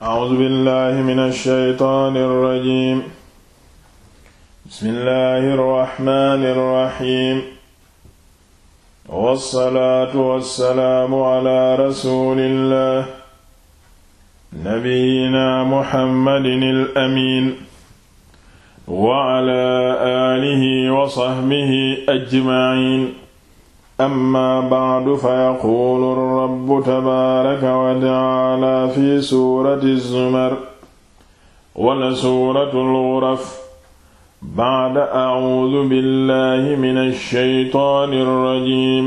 A'uuzu billaahi mina shaytaani rajiim. Bismillaahi rahmaani rahiim. Wassalaatu wassalaamu alaa rasuulillaah. Nabiyyinaa Muhammadin al-amiin. Wa alaa aalihi wa sahbihi ajma'iin. amma ba'du fa yaquulu rabbu tabaaraka wa ta'aala fi suurati zumar wala suuratul ghuraf ba'da a'uudu billahi mina shaytaani rajiim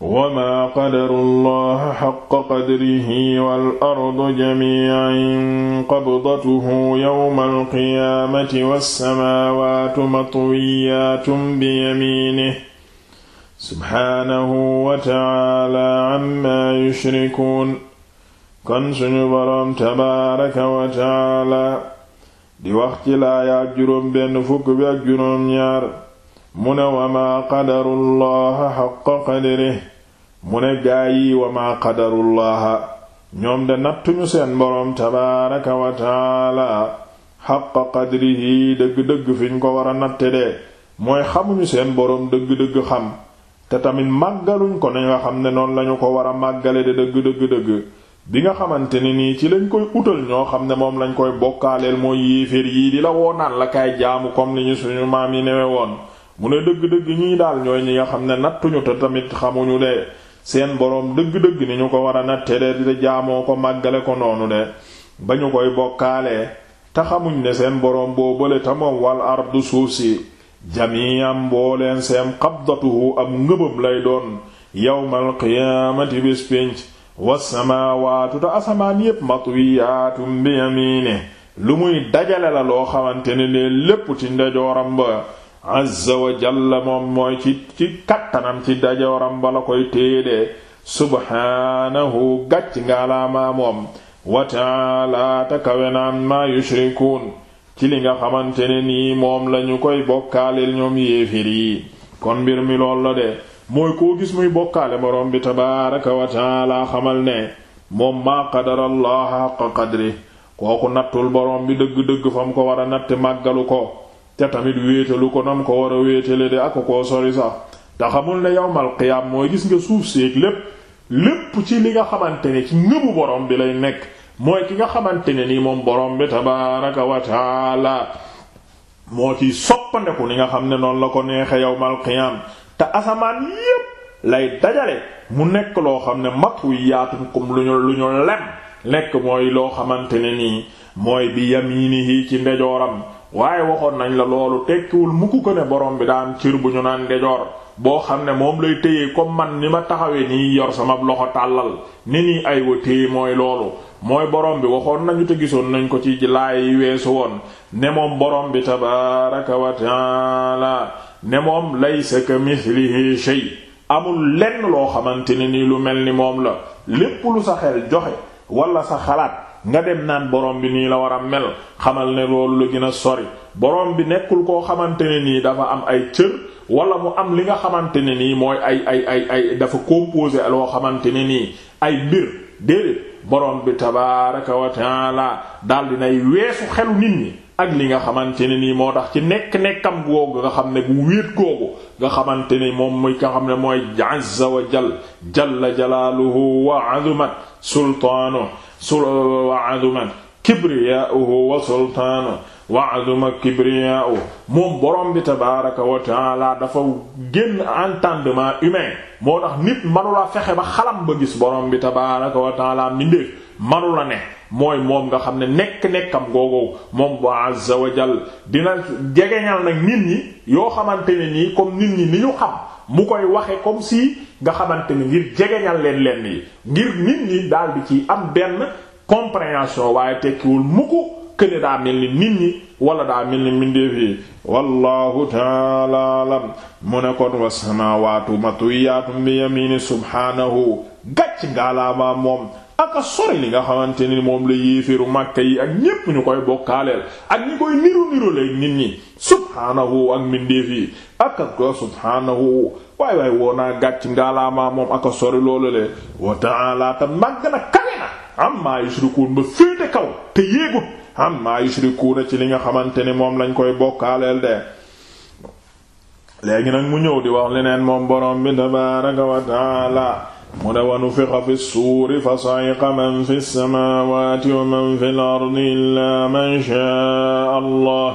wa maa qadarullaha haqqa qadrihi wal ardu jamii'an qabdatuhu yawmal qiyaamati was samaawaatu matwiyyaatun biyamiinihi subhaanahu wa taala amma yushrikuun kon suñu boroom tabaaraka wa taala di wax ci laayaat juróom benn fukk bi ak juróom ñaar mu ne wa maa qadarullaha xaqa qadrihi mu ne gaay yi wa maa qadarullaha ñoom de nattuñu seen boroom tabaaraka wa taala xaqa qadrihi dëgg-dëgg fiñ ko war a natte de mooy xamuñu seen boroom dëgg-dëgg xam te tamit màggaluñ ko nañ nga xam ne noonu lañu ko war a màggale de dëgg dëgg dëgg bi nga xamante ne nii ci lañ koy utal ñoo xam ne moom lañ koy bokkaaleel mooy yéeféer yii di la woonaan la kaay jaamu comme ni ñu suñu maam yi newee woon mu ne dëgg-dëgg ñii daal ñooy ñi nga xam ne nattuñu te tamit xamuñu de seen boroom dëgg-dëgg ni ñu ko war a natte de di jaamoo ko màggale ko noonu de ba ñu koy bokkaalee te xamuñ ne seen boroom boo bële te moom wal ardu suuf si jamiam mbooleen seem qabdatuhu am ngëbam lay doon yawmal qiyaamati bis pénc wasamaawaatu te asamaan yépp matwiyaatum bi yamiine lu muy dajale la loo xamante ne ne lépp ci ndajooram ba azza wa jalla moom mooy ci ci kattanam ci ndajooram ba la koy téedee subhaanahu gàcc ngaalaamaa moom wa taala te kawenaam maa yushrikuun ci li nga xamante ne nii moom lañu koy bokkaaleel ñoom yéefir yi kon mbir mi lool la de mooy koo gis muy bokkaale boroom bi tabaaraka wa xamal ne moom maa qadarallaaha xaqa qadri kooku nattul borom bi dëgg-dëgg fa mu ko war a natt màggalu ko te tamit wéetalu ko nam ko war a wéetale de ak koo sori sax te xamul ne yawmal qiyaam mooy gis nga suuf séeg lépp lépp ci li nga xamante ni ci ngëbu boroom bi lay nekk mooy ki nga xamante ne nii moom borom bi tabaaraka wa taala moo ciy soppandeku ni nga xam ne noonu la ko neexe yow qiyaam te asamaan yépp lay dajale mu nekk loo xam ne matu yaatun comme lu ñu lu ñu lem nekk mooy loo xamante ne nii mooy bi yaminihi ci ndejooram waaye waxoon nañu la loolu tekkiwul mukk ko ne borom bi daan cir bu ñu naan ndejoor boo xam ne moom lay téye comme man ni ma taxawee nii yor sama loxo tàllal ni nii ay wa téye mooy loolu mooy borom bi waxoon nañu te gisoon nañ ko ci laay weesu woon ne moom borom bi tabaaraka wa taala ne moom lay laysa ka mislihi shay amul lenn loo xamante ne nii lu mel ni moom la lépp lu sa xel joxe wala sa xalaat nga dem naan borom bi nii la war a mel xamal ne loolu la gën a sori borom bi nekkul koo xamante ne nii dafa am ay cër wala mu am li nga xamante ne nii mooy ay ay ay ay dafa composé loo xamante ne nii ay bir déedéet borom bi tabaaraka wa taala daal dinay weesu xelu nit ñi. ak li nga xamante ne nii moo tax ci nekk nekkam googu nga xam ne bu wéet googu nga xamante ni moom mooy nga xam ne mooy azza wa jal jalla wa azumat sultaanu sul wa azumat kibriyauhu wa sultaanu wa azuma kibriyau moom borom bi tabaraka wa taala dafa génn entendement humain moo tax nit manula fexe ba xalam ba gis borom bi tabaraka wa taala mi manu na ne mooy moom nga xam ne nekk-nekkam googu moom ba azza wa dina jegeñal nag nit ñi yoo xamante ne nii comme nit ñi ni ñu xam mu koy waxe comme si nga xamante ni ngir jegeñal leen leen yi ngir nit ñi daal ci am benn compréhension waaye tekkiwul mukku këne daa mel ni nit ñi wala daa mel ni mbindeef yi wallahu taala mu ne kon wasamawatu matuyatum bi yamini subhanahu gàcc ngaalaama moom aka sori li nga xamante ni moom la yéeféeru màkka yi ak ñu koy bokkaaleel ak ñi koy niru yi aka ko subhaanahu waay waay woo naa gàcc ci li nga xamante ni moom lañ koy bokkaaleel de léegi nag mu ñëw di wax leneen moom borom bi tabaaraka wa mu ne wa nufixa fi suuri fa sayiqa man fi samaawaati wa man fi lardi illaa man shaa allah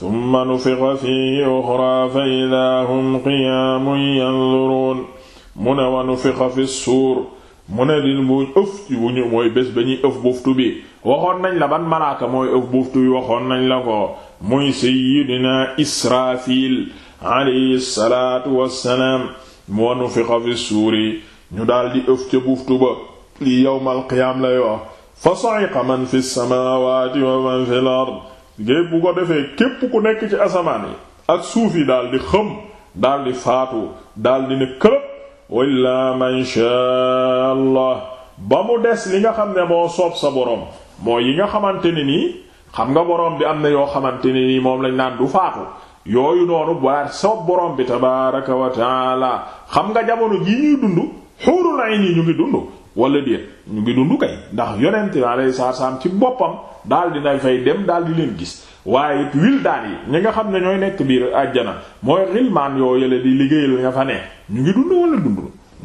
summa nufixa fiihi uxraa fa idaa hum qiyaamun yanduruun mu ne wa nufixa fi suur mu ne din buñ ëf ci buñu mooy bés ba ñuy ëf buftu bi waxoon nañ la ban malaaka mooy ëf buftu bi waxoon nañ la ko muy sayyidina israafil alayhi salaatu wassalaam wa nufixa fi suuri ñu daldi ëf ca buftu ba lii yawmal qiyaam lay wax fa sa'iqa man fi samaawaati wa man bu ko defee képp ku nekk ci asamaan yi ak suuf yi daldi xëm daldi faatu daldi ne këlëb walla man shaa Allah ba mu des li nga xam ne moo soob sa boroom moo yi nga xamante ne nii xam nga boroom bi am na yoo xamante ni nii moom lañ naan du faatu yooyu noonu waar soob boroom bi tabaaraka wa taala xam nga jamono ji ñuy dund xuurul ayn yi ñu ngi dund wala déet ñu ngi dund kay ndax yonent bi alayhi salaam ci boppam daal dina fay dem daal di leen gis waaye it wildaan yi ñi nga xam ne ñooy nekk biir àjjana mooy xilmaan yoo yële di liggéeyal nga fa ne ñu ngi dund wala dund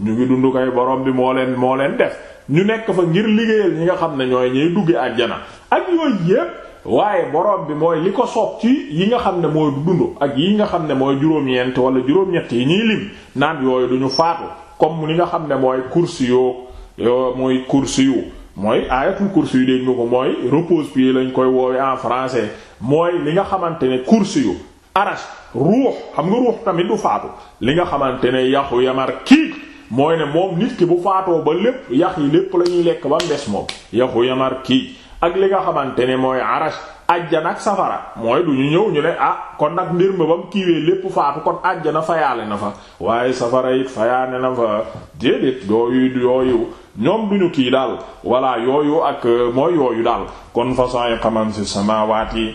ñu ngi dund kay borom bi moo leen moo leen def ñu nekk fa ngir liggéeyal ñi nga xam ne ñooy ñuy dugge àjjana ak yooyu yépp waaye borom bi mooy li ko soob ci yi nga xam ne mooy dund ak yi nga xam ne mooy juróom-ñeent yi ñuy lim naan yooyu duñu faatu comme li nga xam ne mooy kursi yoo mooy kursi yu mooy ayatul kursi yu dégg nga ko mooy repose bi lañ koy woowe en français mooy li nga xamante ne kursi yu arash ruux xam nga ruux tamit du faatu li nga xamante ne yaxu yamar kiig mooy ne moom nit ki bu faatoo ba lépp yax yi lépp la ñuy lekk ba mu des moom yaxu yamar kiig ak li nga xamante ne mooy arash ajjana ak safara mooy du ñu ñëw ñu ne ah kon nag mbir ma ba mu kiiwee lépp faatu kon ajjana fayaale na fa waaye safara it fayaane na fa déedéet yooyu yooyu ñoom duñu kii daal wala yooyu ak euh, mooy yooyu daal kon façon ay xaman fi samaawaati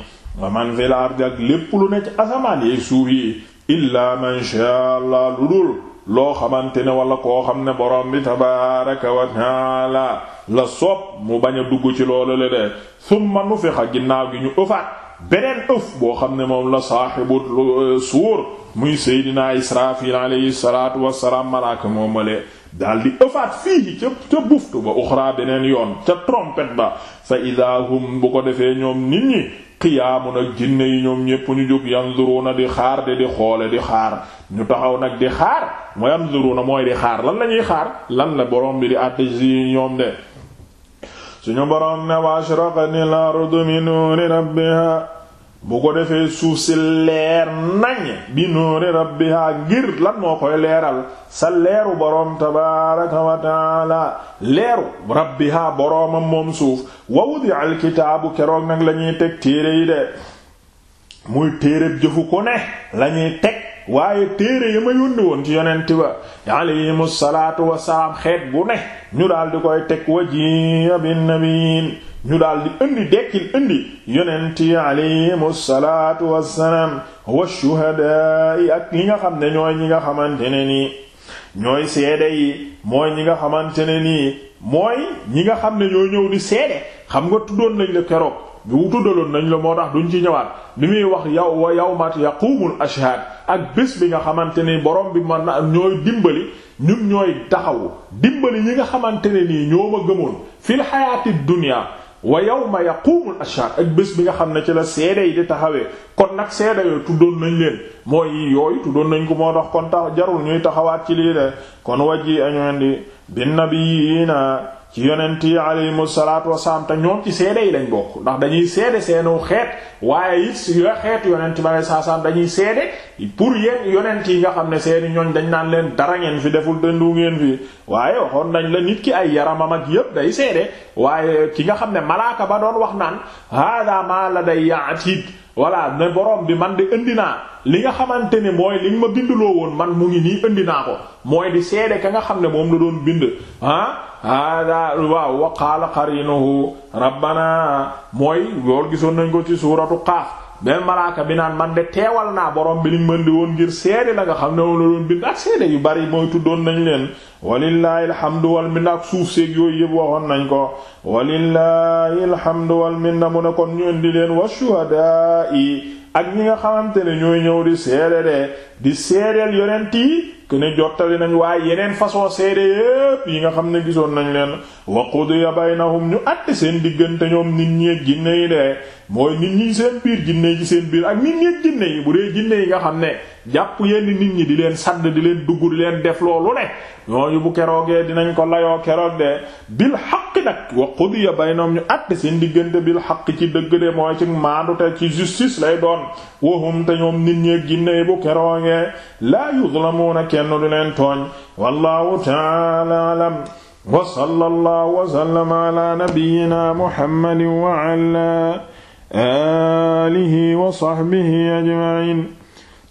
wa man fil ardi ak lépp lu ne ci asamaan yi suuf yi illa man sha Allah lu dul loo xamante ne wala koo xam ne borom bi tabaaraka wa taala la la soob mu bañ a dugg ci loolu le de summa nufixa ginnaaw gi ñu ëfaat beneen ëf boo xam ne moom la saaxibu euh, suur muy seydinaa israfil alayhi salaatu wassalaam malaaka moomale daal di ëfaat fii ca ca buftu ba uxraa beneen yoon ca trompette ba fa idaa hum bu ko defee ñoom nit ñi xiyaamun ak jinne yi ñoom ñépp ñu jóg yanzuruna di xaar de di xoole di xaar ñu taxaw nag di xaar mu yanzuruna mooy di xaar lan lañuy xaar lan la borom bi di àttisi ñoom de suñu borom ne wa ashraqatil ardu min nuuri rabbiha bu ko defee suuf si leer nañ bi nuuri rabbiha ngir lan moo koy leeral sa leeru boroom tabaaraka wa taala leeru rabbiha boroomam moom suuf wa wudi al keroog nag lañuy teg téere yi de muy téere jëfu ko ne lañuy teg waaye téere yi ma yónni woon ci yonent ba alayhimu salaatu wasalaam xeet bu ne ñu daal di koy teg wajiya bin nabiin ñu daal di indi dekkil indi yonent yi alayhimu salaatu wassalaam wa shuhadaa yi ak li nga xam ne ñooy ñi nga xamante ne nii ñooy seede yi mooy ñi nga xamante ne nii mooy ñi nga xam ne ñoo ñëw di seede xam nga tuddoon nañ la keroog bu tuddaloon nañ la moo tax duñ ci ñëwaat li muy wax yow wa yawma yaqumul ashhad ak bis bi nga xamante ni borom bi mën na ak ñooy dimbali ñun ñooy taxawu dimbali ñi nga xamante ne nii ñoo ma gëmoon fil hayatid wa yawma yaqumu ashhad ak bés bi nga xam ne ci la seede yi di taxawee kon nag seede yooyu tuddoon nañ leen mooy yooyu tuddoon nañ ko moo tax kon tax jarul ñuy taxawaat ci lii de kon wajji añoon di bin nabiyina ci yonent yi aleyhimu salaatu wasalaam te ñoom ci seede yi lañ bokk ndax dañuy seede seenu xeet waaye it si yoo xeet yonent bi aleyhi salaam dañuy seede pour yéen yonent yi nga xam ne seeni ñooñ dañ naan leen dara ngeen fi deful dëndu ngeen fi waaye waxoon nañ la nit ki ay yarama ak yépp day seede waaye ki nga xam ne malaaka ba doon wax naan hada ma la day yaatid voilà ne borom bi man di indi naa li nga xamante ne mooy li nga ma binduloo woon man mu ngi nii indi naa ko mooy di seede ka nga xam ne moom la doon bind ah hada waaw wa qaala qarinuhu rabbana mooy loolu gisoon nañ ko ci suuratu qaaf benn malaaka bi naan man de teewal naa boroom bi liñ mën di woon ngir seede la nga xam ne moom la doon bind ak seede yu bari mooy tuddoon nañ leen walillahi alhamdu wal minna ak suuf seeg yooyu yëpp waxoon nañ ko walillahi alhamdu wal minna mu ne kon ñu di leen wa shuhadaa ak ñi nga xamante ne ñooy ñëw di seede de di seedeel yonent yi ku ne jottali nañu waaye yeneen façon seede yépp yi nga xam ne gisoon nañ leen wa na baynahum ñu àtte seen diggante ñoom nit ñi ak jinne yi de mooy nit ñi seen biir jinne yi seen biir ak nit ñi ak jinne yi bu dee jinne yi nga xam ne jàpp yenn nit ñi di leen sadd di leen dugg di leen defloo loolu ñooñu bu keroogee dinañ ko layoo keroog de bil xaq nag wa qudiya baynahum ñu àtte seen diggante bil xaq ci dëgg de mooy ci maandu te ci justice lay doon wahum te ñoom nit ñee ginne bu keroogee laa yuzlamuuna kenn du leen tooñ wallahu ta'ala alam wa sallallahu wa sallama ala nabiyyina muhammadin wa ala alihi wa sahbihi ajma'in